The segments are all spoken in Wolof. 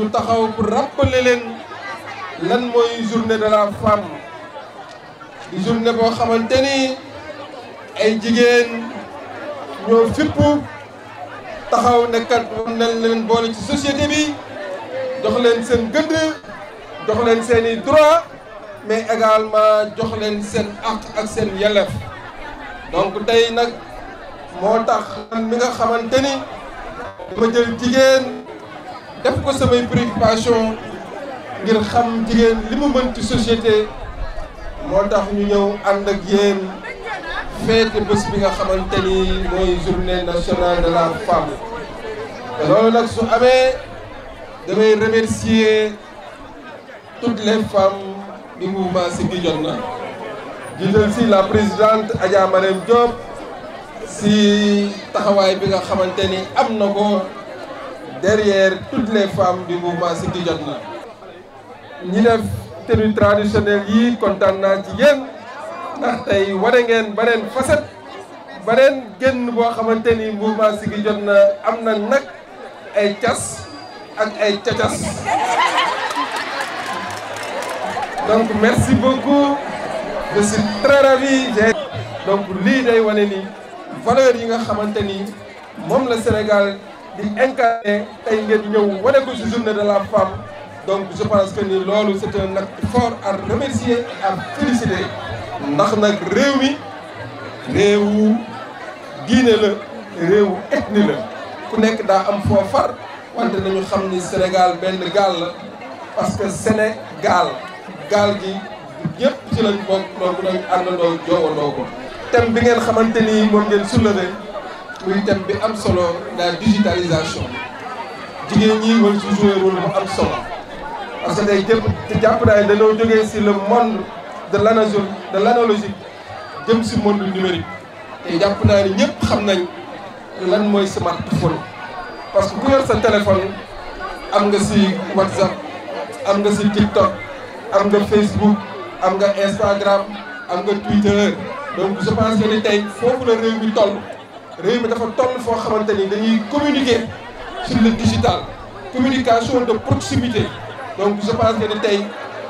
ñu taxaw pour rappeler leen lan mooy journée de la femme di journée boo xamante ni ay jigéen ñoo fipp taxaw nekkat wan nañ leen boole ci société bi jox leen seen gëdd jox leen seeni i droit mais également jox leen seen àq ak seen yelleef donc tey nag moo tax man mi nga xamante ni dama jël jigéen def ko samay préoccupation ngir xam jigéen li mu mën société moo tax ñu ñëw ànd ak yéen feete bés bi nga xamante ni mooy journée nationale de la femme te loolu nag su amee damay remercier toutes les femmes du mouvement Siggi Jotna jiital si la présidente Adja Marème si taxawaay bi nga xamante ni am na ko derrière toutes les femmes di mouvement Sikki Jot Na ñi def tenue traditionnelle yi kontaan naa ci yéen ndax tey wane ngeen beneen facette beneen génn boo xamante ni mouvement Sikki Jot Na am na nag ay cas ak ay cacas donc merci beaucoup je suis donc lii day wane ni valeur yi nga xamante ni moom la Sénégal di incarner tey ngeen ñëw wane ko ci journée de la femme donc je pense que ni loolu c'est un acte fort à remercier et à féliciter ndax nag réew mi réewu diine la réew ethnie la ku nekk daa am foo wante nañu xam ni Sénégal benn gaal la parce que Sénégal gaal gi ñëpp si lañ bokk donc nañ àndandoo joowandoo ko thème bi ngeen xamante ni moom ngeen soulever muy thème bi am solo la digitalisation jigéen ñi war ci jouer rôle am solo parce que day jëpp te jàpp naa dañoo jógee si le monde de l'analogique de l'analogique jëm si monde numérique te jàpp naa ni ñëpp xam nañ lan mooy smartphone parce que ku yor sa téléphone am nga si whatsapp am nga si tiktok am nga facebook am nga instagram am nga twitter donc je pense que tey foofu la réew mi toll réew mi dafa toll foo xamante ni dañuy communiquer sur le digital communication de proximité donc je pense ni tey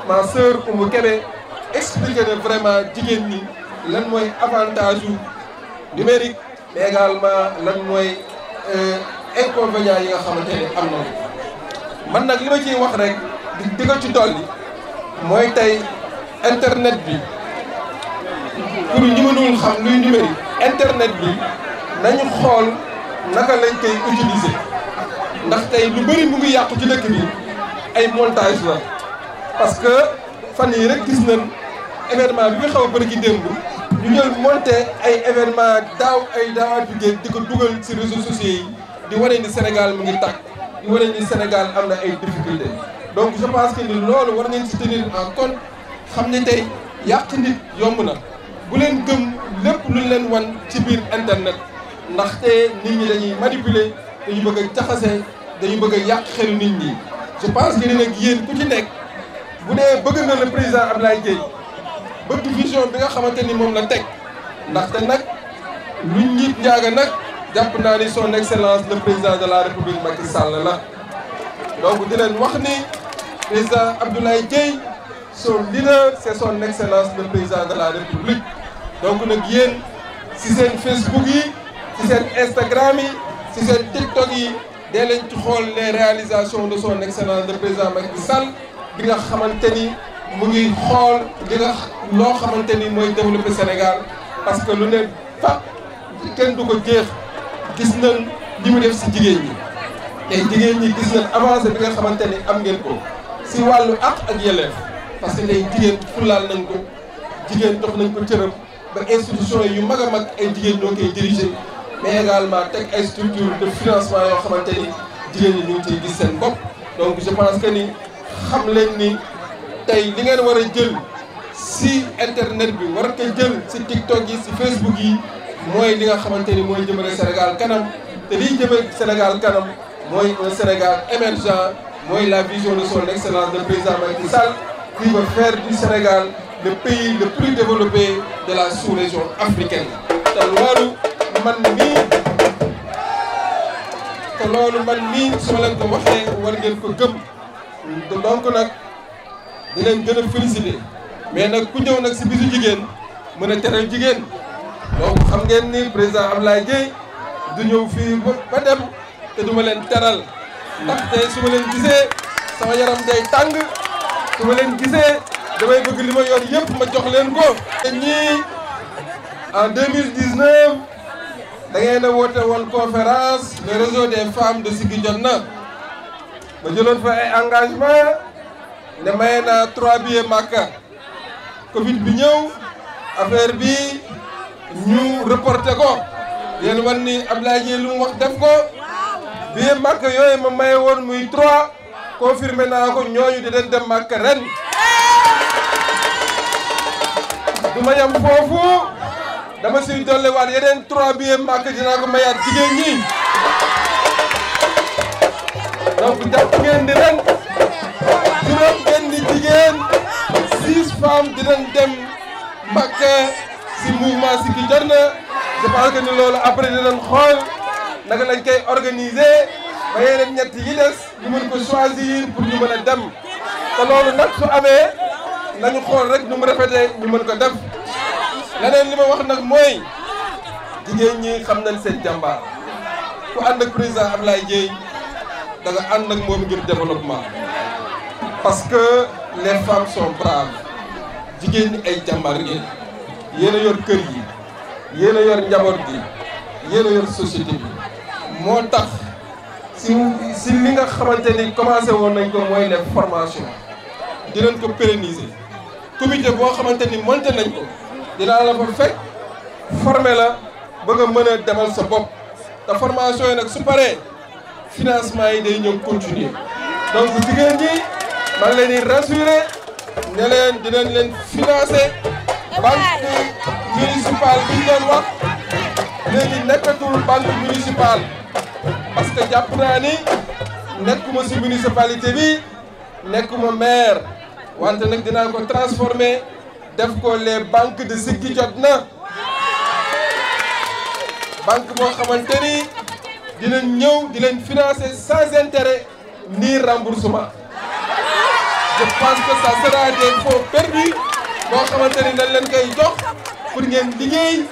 ma sœur Oumou Kébé expliqué na vraiment jigéen ñi lan mooy avantage yu numérique mais également lan mooy euh, inconvénient yi nga xamante ni am na man nag li ma ciy wax rek di dolli mooy tey internet bi pour ñu mënul xam luy numérique internet bi nañu xool naka lañ kay utiliser ndax tey lu bëri mu ngi yàqu ci dëkk nii ay montage la parce que fan yi rek gis nañ événement bi nga xaw a bëri ki bu ñu jël monté ay événement daaw ay daawaat bi di ko dugal ci réseaux sociaux yi di wane ni Sénégal mu ngi tàkk di wane ni Sénégal am na ay difficultés donc je pense que ni loolu war ngeen ci tenir en compte xam ne tey yàq nit yomb na bu leen gëm lépp lu leen wan ci biir internet ndaxte nit ñi dañuy manipuler dañu bëgg a jaxase dañu bëgg a yàq xelu nit ñi je pense que ni nag yéen ku ci nekk bu dee bëgg na le président Abdoulaye Dièye bëgg vision bi nga xamante ni moom la teg ndaxte nag lu njiit njaaga nag jàpp naa ni son excellence le président de la république Macky Sall la donc di leen wax ni président Abdoulaye Dièye son na c'est son excellence le président de la république donc na yéen si seen Facebook yi ci seen Instagram yi ci seen TikTok yi dee leen ci xool les réalisations de son excellence de président Macky Sall bi nga xamante ni mu ngi xool li nga loo xamante ni mooy développer Sénégal parce que lu ne fa kenn du ko jeex gis nañ li mu def si jigéen ñi tey jigéen ñi gis nañ avancé bi nga xamante ni am ngeen ko ci wàllu àq ak yelleef parce que tey jigéen fulaal nañ ko jigéen jox nañ ko cëram ba institution yu mag a ay jigéen ñoo koy diriger mais également teg ay structures de financement yoo xamante ni jigéen ñi ñu ngi ciy gis seen bopp donc je pense que ni xam leen ni tey li ngeen war a jël si internet bi war a ko jël si TikTok gi si Facebook yi mooy li nga xamante ni mooy jëmale Sénégal kanam te liy jëmale Sénégal kanam mooy un Sénégal émergent mooy la vision de son excellence le président Macky Sall qui veut faire du Sénégal le pays le plus développé de la sous-région africaine te man mii te loolu man mii su ma ko waxee war ngeen ko gëm donc nag di leen gën a félicité mais nag ku ñëw nag si bisu jigéen mën a teral jigéen donc xam ngeen ni président Ablaye Dieye du ñëw fii ba dem te du ma leen teral ndaxte su ma leen gisee sama yaram day tàng su ma leen gisee damay bëgg li ma yor yëpp ma jox leen ko. te ñii en 2019. da ngeen a woote woon conférence le réseau des femmes de Siggi jot na ma fa ay engagement ne maye naa trois billets Makka Covid bi ñëw affaire bi ñu reporté ko yéen wan ni Abdoulaye Dièye wax def ko billet Makka yooyu ma maye woon muy trois confirmé naa ko ñooñu di leen Makka ren du ma foofu dama siy dolliwaat yeneen trois billets Màkka dinaa ko mayaat jigéen ñi donc jàpp ngeen di ren juróom benn jigéen six de dinañ dem Màkka si mouvement Siggi Jotna je pense que ni loolu après dinañ xool naka lañ koy organiser ba yeneen ñett yi des ñu mën ko choisir pour ñu mën a dem te loolu nag su amee nañu xool rek nu ñu mën ko def leneen li ma wax nag mooy jigéen ñi xam nañ seen jàmbaar ku ànd ak président Ablaye Dieye da ànd ak moom ngir développement parce que les femmes sont braves jigéen ñi ay jàmbaar ngeen yéen a yor kër yi yéen a yor njaboot gi yéen a yor société bi moo tax si si li nga xamante ni commencé woon nañ ko mooy les formations dinañ ko pérenniser comité boo xamante ni monté nañ ko dinaa la fa fekk formé la ba mën demal sa bopp te formation yi nag su paree financement yi day ñëw continuer donc jigéen ñi maa ngi leen di rassurer ne leen dinañ leen financer banque municipale bi ñu leen wax léegi nekkatul banque municipale parce que jàpp naa ni nekkuma ci municipalité bi nekkuma maire wante nag dinaa ko def ko les banques de sikki jot na banque boo xamante ni dinañ ñëw di leen financer sans nii ni remboursement je pense que ça sera des fonds perdus boo xamante ni dañ leen koy jox pour ngeen liggéey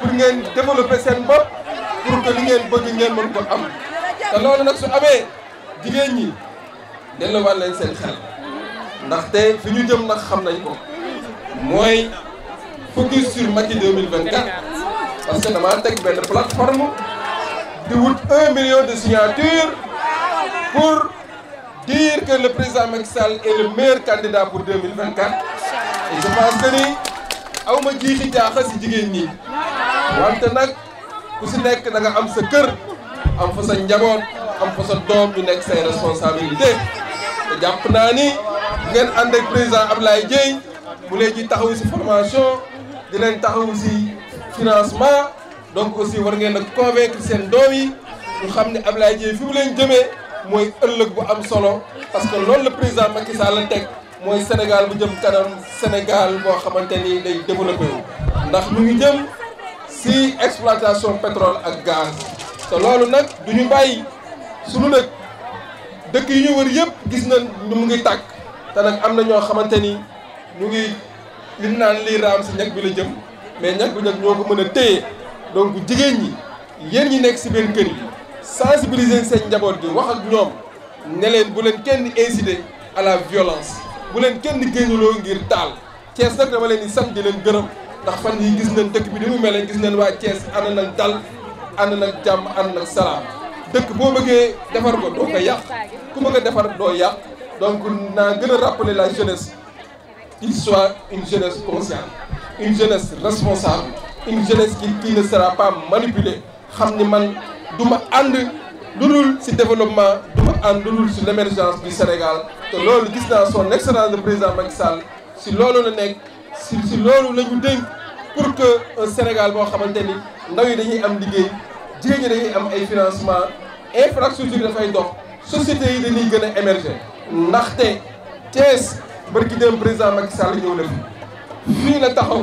pour ngeen développer seen bopp pour que li ngeen bëgg ngeen mën ko am te loolu nag su amee jigéen ñi delloo waat leen seen xel ndaxte fi ñu jëm nag xam nañ ko. mooy focus sur Macky 2024 parce que damaa teg benn plateforme di wut un million de signatures pour dire que le président Macky Sall est le meilleur candidat pour 2024 et je pense que aw ma jiixi jaaxa si jigéen ñi wante nag ku si nekk da nga am sa kër am fa sa njaboot am fa sa doom yu nekk say responsabilité te jàpp naa ni ngeen ànd ak président Ablaye mu leen ci taxaw si formation di leen taxaw si financement donc aussi war ngeen a convaincre seen doom yi ñu xam ne Ablaye Dieye fi mu leen jëmee mooy ëllëg bu am solo parce que loolu la président Macky Sall la teg mooy Sénégal bu jëm kanam Sénégal boo xamante ni day ko wu. ndax ñu ngi jëm si exploitation pétrole ak gaz te loolu nag du ñu bàyyi sunu nag dëkk yi ñu wër yëpp gis na ñu mu ngi tàkk te nag am na ñoo xamante ni. ñu ngi lim naan lii raam si ñag bi la jëm mais ñag bu ñag ñoo ko mën a téye donc jigéen ñi yéen ñi nekk si benn kër yi sensibiliser seen njaboot gi wax ak ñoom ne leen bu leen kenn inciter à la violence bu leen kenn génnuloo ngir taal Thiès nag dama leen di sant di leen gërëm ndax fan yi gis nañ dëkk bi ni mu mel gis nañ waa Thiès ànd nañ dal ànd nañ jàmm ànd nañ salaam dëkk boo bëggee defar ko doo ko yàq ku bëgg a defar doo yàq donc naa gën a rappeler la jeunesse qu'il soit une jeunesse consciente une jeunesse responsable une jeunesse qui qui ne sera pas manipulée xam ni man du ma ànd lu dul si développement du ma ànd lu dul ci l'émergence du Sénégal te loolu gis naa son excellence le président Macky Sall ci loolu la nekk ci ci loolu la ñu dénk pour que un Sénégal boo xamante ni ndaw yi dañuy am liggéey jigéen ñi dañuy am ay financement infrastructure dafay dox sociétés yi dañuy gën a émerger ndaxte Thiès bari ki dem président Macky Sall ñëw na fi fii la taxaw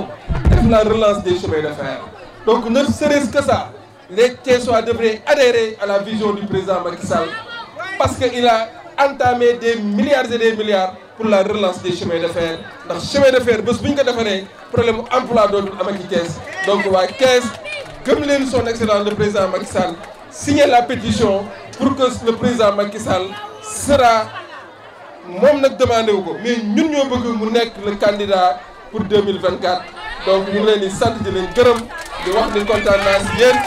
def la relance des chemins de fer donc ne serait-ce que ça les Thiessois devraient à la vision du président Macky Sall parce que il a entamé des milliards et des milliards pour la relance des chemins de fer ndax chemin de fer bés bu ñu ko defaree problème mu emploi dootul amati Thiès donc waa Thiès gëm leen son excellence le président Macky Sall signer la pétition pour que le président Macky Sall sera moom nag demandé wu ko mais ñun ñoo bëgg mu nekk le candidat pour 2024 donc ñu ngi leen di sant di leen gërëm di wax ni kontaan naa si yéen